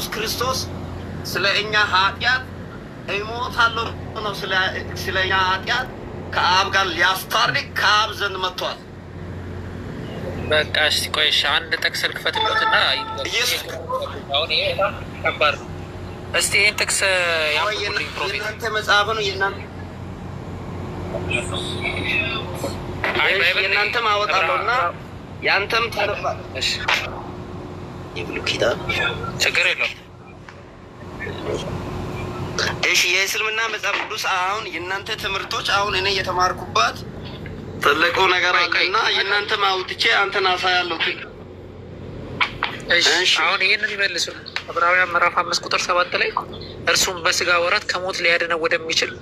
ኢየሱስ ክርስቶስ ስለ እኛ ኃጢአት እሞታለሁ ነው ስለ እኛ ኃጢአት ከአብ ጋር ሊያስታርቅ ከአብ ዘንድ መጥቷል። በቃ እስቲ ቆይ አንድ ጥቅስ ልክፈትሎት እና እስቲ ይህን ጥቅስ የእናንተ መጽሐፍ ነው የእናንተም አወጣለሁ እና የአንተም ታርፋል የብሉይ ኪዳን ችግር የለም እሺ የእስልምና መጽሐፍ ቅዱስ አሁን የእናንተ ትምህርቶች አሁን እኔ የተማርኩባት ትልቁ ነገር እና የእናንተ ማውጥቼ አንተን አሳያለሁ። አሁን ይህንን ይመልሱ። ዕብራውያን ምዕራፍ አምስት ቁጥር ሰባት ላይ እርሱም በስጋ ወራት ከሞት ሊያድነው ወደሚችል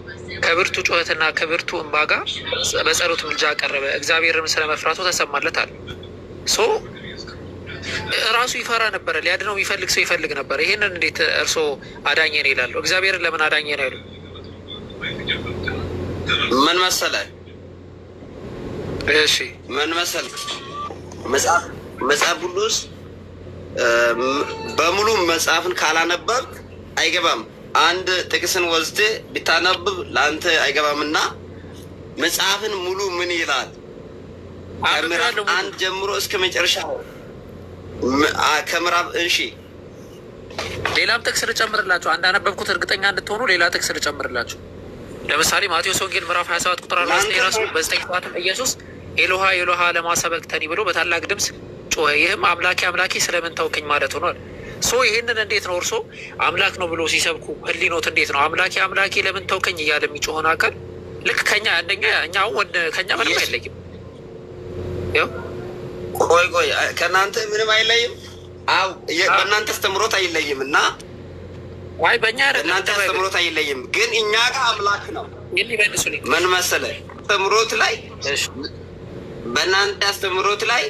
ከብርቱ ጩኸትና ከብርቱ እንባ ጋር በጸሎት ምልጃ ቀረበ፣ እግዚአብሔርም ስለ መፍራቱ ተሰማለታል። ራሱ ይፈራ ነበረ። ሊያድነው የሚፈልግ ሰው ይፈልግ ነበረ። ይህንን እንዴት እርሶ አዳኘ ነው ይላሉ? እግዚአብሔርን ለምን አዳኘ ነው ይሉ? ምን መሰለ፣ እሺ ምን መሰለ፣ መጽሐፍ ቅዱስ በሙሉ መጽሐፍን ካላነበብ አይገባም። አንድ ጥቅስን ወስደህ ብታነብብ ለአንተ አይገባምና መጽሐፍን ሙሉ ምን ይላል ከምዕራፍ አንድ ጀምሮ እስከ መጨረሻ ከምዕራብ እሺ ሌላም ጥቅስ ልጨምርላችሁ። አነበብኩት እርግጠኛ እንድትሆኑ ሌላ ጥቅስ ልጨምርላችሁ። ለምሳሌ ማቴዎስ ወንጌል ምዕራፍ 27 ቁጥር 4 ራሱ በዘጠኝ ሰዓትም ኢየሱስ ኤሎሃ ኤሎሃ ለማ ሰበቅተኒ ብሎ በታላቅ ድምፅ ጮኸ። ይህም አምላኬ አምላኬ ስለምን ተውከኝ ማለት ሆኗል። ሶ ይህንን እንዴት ነው እርሶ አምላክ ነው ብሎ ሲሰብኩ ህሊኖት እንዴት ነው አምላኬ አምላኬ ለምን ተውከኝ እያለ የሚጮሆን አካል ልክ ከኛ አንደኛ እኛ ወንድ ከኛ ምንም አይለይም። ቆይ ቆይ ከእናንተ ምንም አይለይም። አው በእናንተ አስተምሮት አይለይም እና አይ በእኛ እናንተ አስተምሮት አይለይም፣ ግን እኛ ጋር አምላክ ነው። ምን መሰለህ አስተምሮት ላይ በእናንተ አስተምሮት ላይ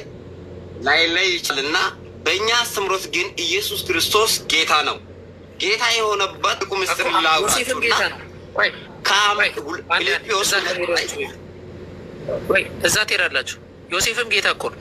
ላይለይ ይችላል እና በእኛ አስተምሮት ግን ኢየሱስ ክርስቶስ ጌታ ነው። ጌታ የሆነበት ቁም ምስጢር ላውራችሁና ከፊልጵዎስ እዛ ትሄዳላችሁ። ዮሴፍም ጌታ እኮ ነው።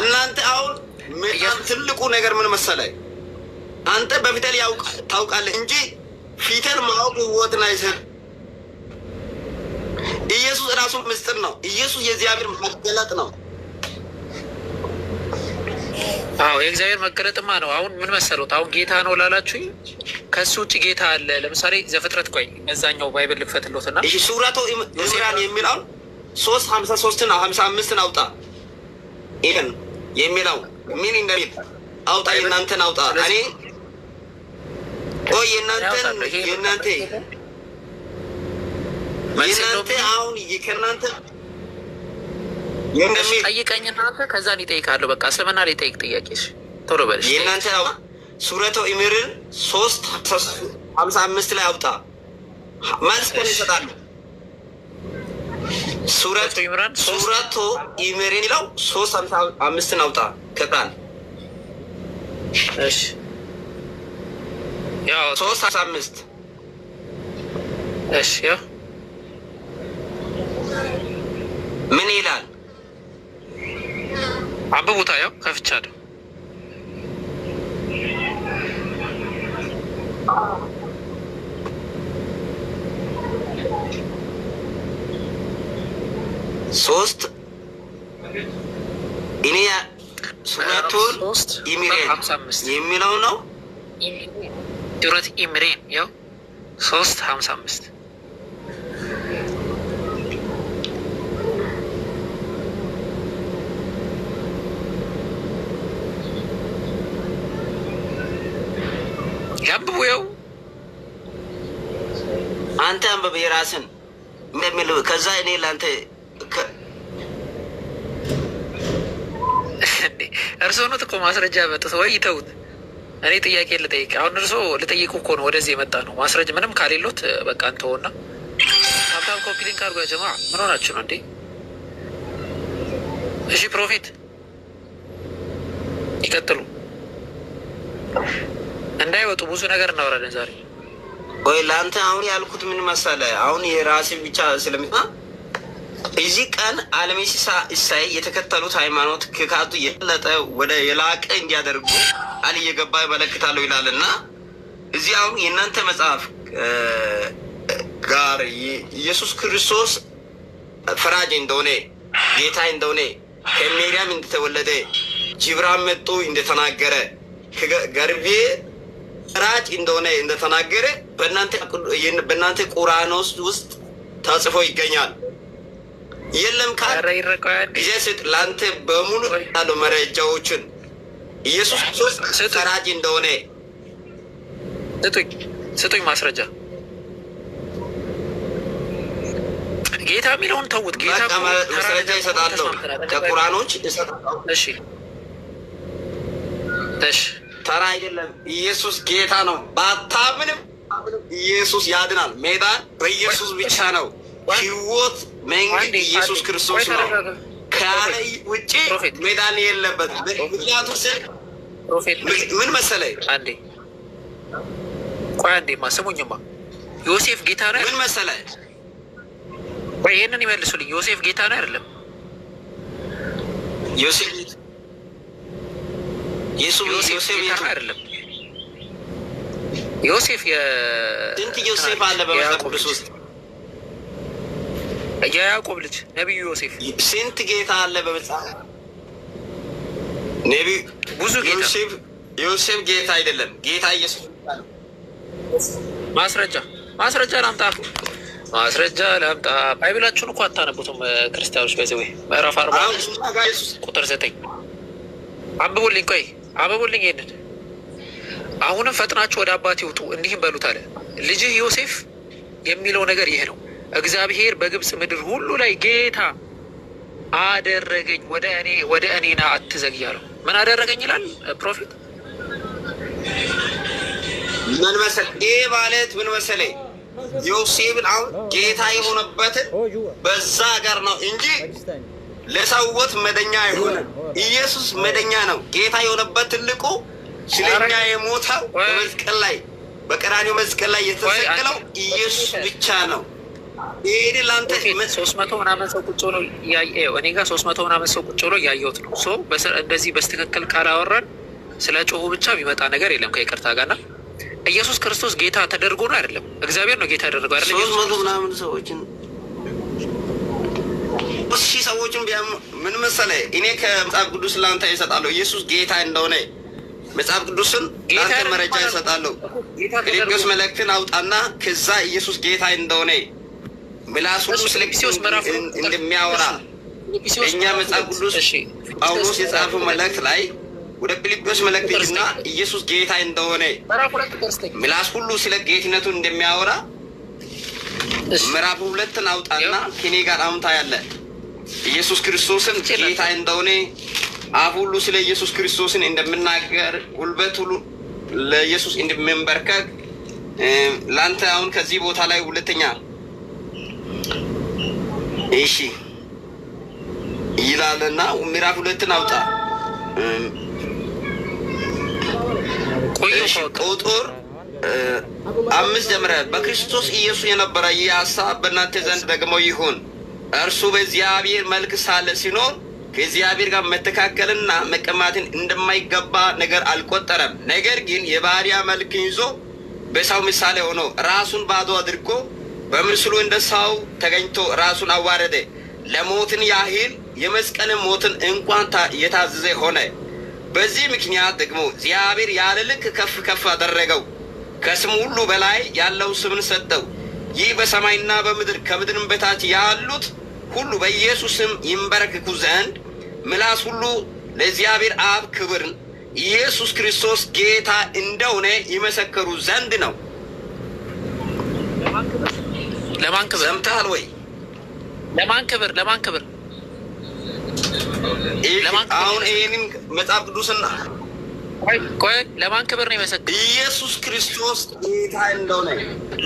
እናንተ አሁን ትልቁ ነገር ምን መሰለህ፣ አንተ በፊደል ታውቃለህ እንጂ ፊተል ማወቅ ህይወትን አይሰጥ። ኢየሱስ እራሱ ምስጢር ነው። ኢየሱስ የእግዚአብሔር መገለጥ ነው። አዎ የእግዚአብሔር መገለጥማ ነው። አሁን ምን መሰሉት? አሁን ጌታ ነው ላላችሁ ከሱ ውጭ ጌታ አለ። ለምሳሌ ዘፍጥረት ቆይ እዛኛው ባይብል ልክፈትሎት እና ሱረቱ ኢምራን የሚል አሁን ሶስት ሀምሳ ሶስትን ሀምሳ አምስትን አውጣ ይሄን የሚለው ምን እንደሚል አውጣ፣ የእናንተን አውጣ። እኔ ቆይ የእናንተን የእናንተ የእናንተ አሁን ከእናንተ ጠይቀኝ እናንተ፣ ከዛ ይጠይቃለሁ። በቃ እስልምና ላይ ጠይቅ ጥያቄሽ፣ ቶሎ በልሽ። የእናንተ ሱረቶ ኢምርን ሶስት ሀምሳ አምስት ላይ አውጣ፣ መልስ ይሰጣለሁ። ሱረቱ ኢምራን የሚለው ሶስት አምስትን አውጣ ሶስት አምሳ አምስት ምን ይላል? አብቡታ ያው ከፍቻለሁ ሶስት እኔ ሱረቱን ኢምሬን የሚለው ነው። ሱረት ኢምሬን ያው ሶስት ሀምሳ አምስት ያብቡ ያው አንተ አንበብ የራስን እንደሚል ከዛ እኔ ለአንተ እርስዎ ኖት እኮ ማስረጃ መጥተው ወይ ይተውት። እኔ ጥያቄ ልጠይቅ። አሁን እርስዎ ልጠይቁ እኮ ነው ወደዚህ የመጣ ነው። ማስረጃ ምንም ካሌሎት በቃ እንተውና ሀብታም ኮፒ ሊንክ አድርጎ ምን ሆናችሁ ነው እንዴ? እሺ ፕሮፊት ይቀጥሉ። እንዳይወጡ ብዙ ነገር እናወራለን ዛሬ። ወይ ለአንተ አሁን ያልኩት ምን መሰለህ? አሁን የራሴ ብቻ ስለሚ እዚህ ቀን አልሜሲሳ ኢሳይ የተከተሉት ሃይማኖት ክካቱ የለጠ ወደ የላቀ እንዲያደርጉ አል እየገባ ይመለክታሉ ይላል እና እዚህ አሁን የእናንተ መጽሐፍ ጋር ኢየሱስ ክርስቶስ ፈራጅ እንደሆነ ጌታ እንደሆነ ከሜሪያም እንደተወለደ ጅብራም መጡ እንደተናገረ ገርቤ ፈራጅ እንደሆነ እንደተናገረ በእናንተ ቁርአኖስ ውስጥ ተጽፎ ይገኛል። የለም ጊዜ ስጥ። ለአንተ በሙሉ ያሉ መረጃዎችን ኢየሱስ ክርስቶስ ፈራጅ እንደሆነ ስጡኝ፣ ስጡኝ ማስረጃ ጌታ የሚለውን ተውት። ጌታ ማስረጃ ይሰጣለሁ፣ ከቁራኖች ይሰጣለሁ። እሺ፣ እሺ፣ ተራ አይደለም። ኢየሱስ ጌታ ነው። ባታምንም ኢየሱስ ያድናል። ሜዳን በኢየሱስ ብቻ ነው ህይወት መንገድ ኢየሱስ ክርስቶስ ነው። ካለ ውጭ ሜዳን የለበትም። ምክንያቱ ስል ምን መሰለኝ፣ አንዴ ቆይ፣ አንዴማ ስሙኝማ። ዮሴፍ ጌታ ነው። ምን መሰለህ፣ ቆይ ይህንን ይመልሱልኝ። ዮሴፍ ጌታ ነው አይደለም? ዮሴፍ ዮሴፍ ጌታ አይደለም? ዮሴፍ ስንት ዮሴፍ አለ በመጽሐፍ ቅዱስ ውስጥ? የያዕቆብ ልጅ ነቢዩ ዮሴፍ ስንት ጌታ አለ በመጽሐፍ ብዙ ጌታ ዮሴፍ ጌታ አይደለም ጌታ ኢየሱስ ማስረጃ ማስረጃ ላምጣ ማስረጃ ላምጣ ባይብላችሁን እኮ አታነቡትም ክርስቲያኖች በዚህ ወይ ምዕራፍ አርባ ቁጥር ዘጠኝ አንብቡልኝ ቆይ አንብቡልኝ ይሄንን አሁንም ፈጥናችሁ ወደ አባቴ ውጡ እንዲህም በሉት አለ ልጅህ ዮሴፍ የሚለው ነገር ይሄ ነው እግዚአብሔር በግብፅ ምድር ሁሉ ላይ ጌታ አደረገኝ። ወደ እኔ ወደ እኔና አትዘግ ያለው ምን አደረገኝ ይላል ፕሮፌት። ምን መሰል ይህ ማለት ምን መሰለ ዮሴፍን አሁን ጌታ የሆነበትን በዛ ሀገር ነው እንጂ ለሰውት መደኛ የሆነ ኢየሱስ መደኛ ነው። ጌታ የሆነበት ትልቁ ስለኛ የሞተው በመስቀል ላይ በቀራኒው መስቀል ላይ የተሰቀለው ኢየሱስ ብቻ ነው። ይሄ ለአንተ ሶስት መቶ ምናምን ሰው ቁጭ ብሎ እኔ ጋር ሶስት መቶ ምናምን ሰው ቁጭ ብሎ እያየሁት ነው። ሶ እንደዚህ በስትክክል ካላወራን ስለ ጮሁ ብቻ የሚመጣ ነገር የለም ከይቅርታ ጋር ኢየሱስ ክርስቶስ ጌታ ተደርጎ ነው አይደለም፣ እግዚአብሔር ነው ጌታ ያደርገው አይደለም። ሶስት መቶ ምናምን ሰዎችን እሺ፣ ሰዎችን ቢያም ምን መሰለ፣ እኔ ከመጽሐፍ ቅዱስ ለአንተ ይሰጣለሁ ኢየሱስ ጌታ እንደሆነ መጽሐፍ ቅዱስን ለአንተ መረጃ ይሰጣለሁ። ቅዱስ መልእክትን አውጣና ከዛ ኢየሱስ ጌታ እንደሆነ ምላስ ሁሉ ስለ ጊዜውስ ምዕራፍ እንደሚያወራ እኛ መጽሐፍ ቅዱስ ጳውሎስ የጻፈው መልእክት ላይ ወደ ፊልጵስዩስ መልእክትና ኢየሱስ ጌታ እንደሆነ ምላስ ሁሉ ስለ ጌትነቱ እንደሚያወራ ምዕራፍ ሁለትን አውጣና ከኔ ጋር አምታ ያለ ኢየሱስ ክርስቶስን ጌታ እንደሆነ አፍ ሁሉ ስለ ኢየሱስ ክርስቶስን እንደምናገር ጉልበት ሁሉ ለኢየሱስ እንደምንበርከክ ለአንተ አሁን ከዚህ ቦታ ላይ ሁለተኛ እሺ ይላልና ምዕራፍ ሁለትን አውጣ። ቁጥር አምስት ጀምረ በክርስቶስ ኢየሱስ የነበረ ይህ ሀሳብ በእናንተ ዘንድ ደግሞ ይሁን። እርሱ በእግዚአብሔር መልክ ሳለ ሲኖር ከእግዚአብሔር ጋር መተካከልና መቀማትን እንደማይገባ ነገር አልቆጠረም። ነገር ግን የባሪያ መልክ ይዞ በሰው ምሳሌ ሆኖ ራሱን ባዶ አድርጎ በምስሉ እንደ ተገኝቶ ራሱን አዋረደ። ለሞትን ያህል የመስቀልን ሞትን እንኳን የታዘዘ ሆነ። በዚህ ምክንያት ደግሞ እግዚአብሔር ያለ ልክ ከፍ ከፍ አደረገው፣ ከስም ሁሉ በላይ ያለው ስምን ሰጠው። ይህ በሰማይና በምድር ከምድርም በታች ያሉት ሁሉ በኢየሱስ ስም ይንበረክኩ ዘንድ ምላስ ሁሉ ለእግዚአብሔር አብ ክብርን ኢየሱስ ክርስቶስ ጌታ እንደሆነ ይመሰከሩ ዘንድ ነው። ለማን ክብር ሰምተሃል ወይ? ለማን ክብር ለማን ክብር? አሁን ይሄንን መጽሐፍ ቅዱስና ቆይ ለማን ክብር ነው የመሰክሩት? ኢየሱስ ክርስቶስ ጌታ እንደሆነ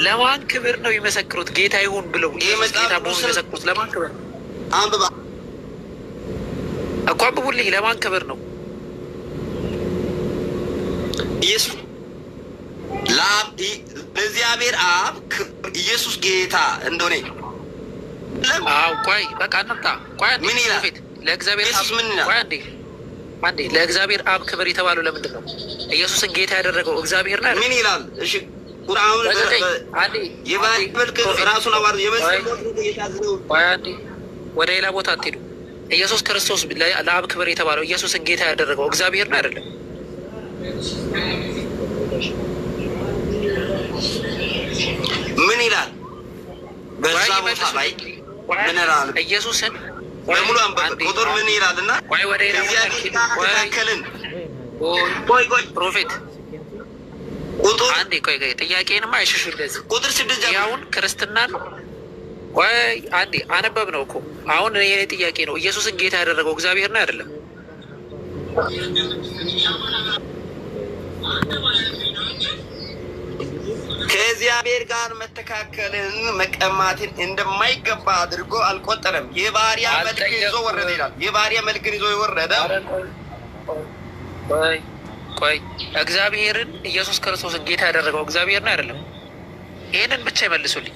ለማን ክብር ነው የመሰክሩት? ጌታ ይሁን ብለው ጌታ መሆኑን የመሰክሩት ለማን ክብር? አንብባ እኮ አንብቡልኝ። ለማን ክብር ነው ኢየሱስ እግዚአብሔር አብ ኢየሱስ ጌታ እንደሆነ ቆይ በቃ እንምጣ። ቆይ ምን ይላል? ለእግዚአብሔር አብ ክብር የተባለው ለምንድን ነው? ኢየሱስን ጌታ ያደረገው እግዚአብሔር ላይ ምን ይላል? እሺ ቁርአኑን ራሱን አባር ወደ ሌላ ቦታ አትሄዱ። ኢየሱስ ክርስቶስ ለአብ ክብር የተባለው ኢየሱስን ጌታ ያደረገው እግዚአብሔር ነው አይደለም? ላይ ኢየሱስን በሙሉ አንበብ ቁጥር ምን ይላል? እና ተካከልን ፕሮፌት ቁጥር አንዴ ቆይ ቆይ ጥያቄንማ አይሽሽለት ቁጥር ስድስት ያውን ክርስትናን ወይ አንዴ አነበብ ነው እኮ አሁን የኔ ጥያቄ ነው። ኢየሱስን ጌታ ያደረገው እግዚአብሔር ነው አይደለም? ከእግዚአብሔር ጋር መተካከልን መቀማትን እንደማይገባ አድርጎ አልቆጠረም። የባሪያ መልክ ይዞ ወረደ ይላል። የባሪያ መልክን ይዞ የወረደ ቆይ እግዚአብሔርን ኢየሱስ ክርስቶስን ጌታ ያደረገው እግዚአብሔር ነው አይደለም? ይህንን ብቻ ይመልሱልኝ።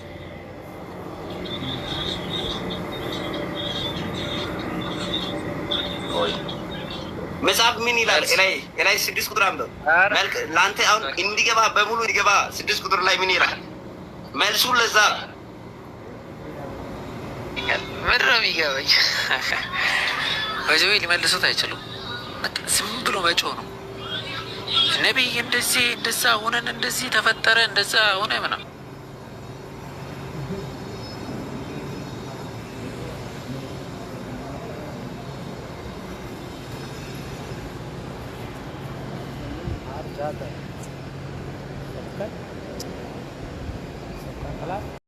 መጽሐፍ ምን ይላል? ላይ ስድስት ቁጥር አንበብ። ለአንተ አሁን እንዲገባ በሙሉ እንዲገባ ስድስት ቁጥር ላይ ምን ይላል? መልሱ ለዛ ምን ነው የሚገባኝ? በዚህ ሊመልሱት አይችሉም። ዝም ብሎ መጮ ነው። ነቢይ እንደዚህ እንደዛ ሆነን እንደዚህ ተፈጠረ እንደዛ ሆነ ምናምን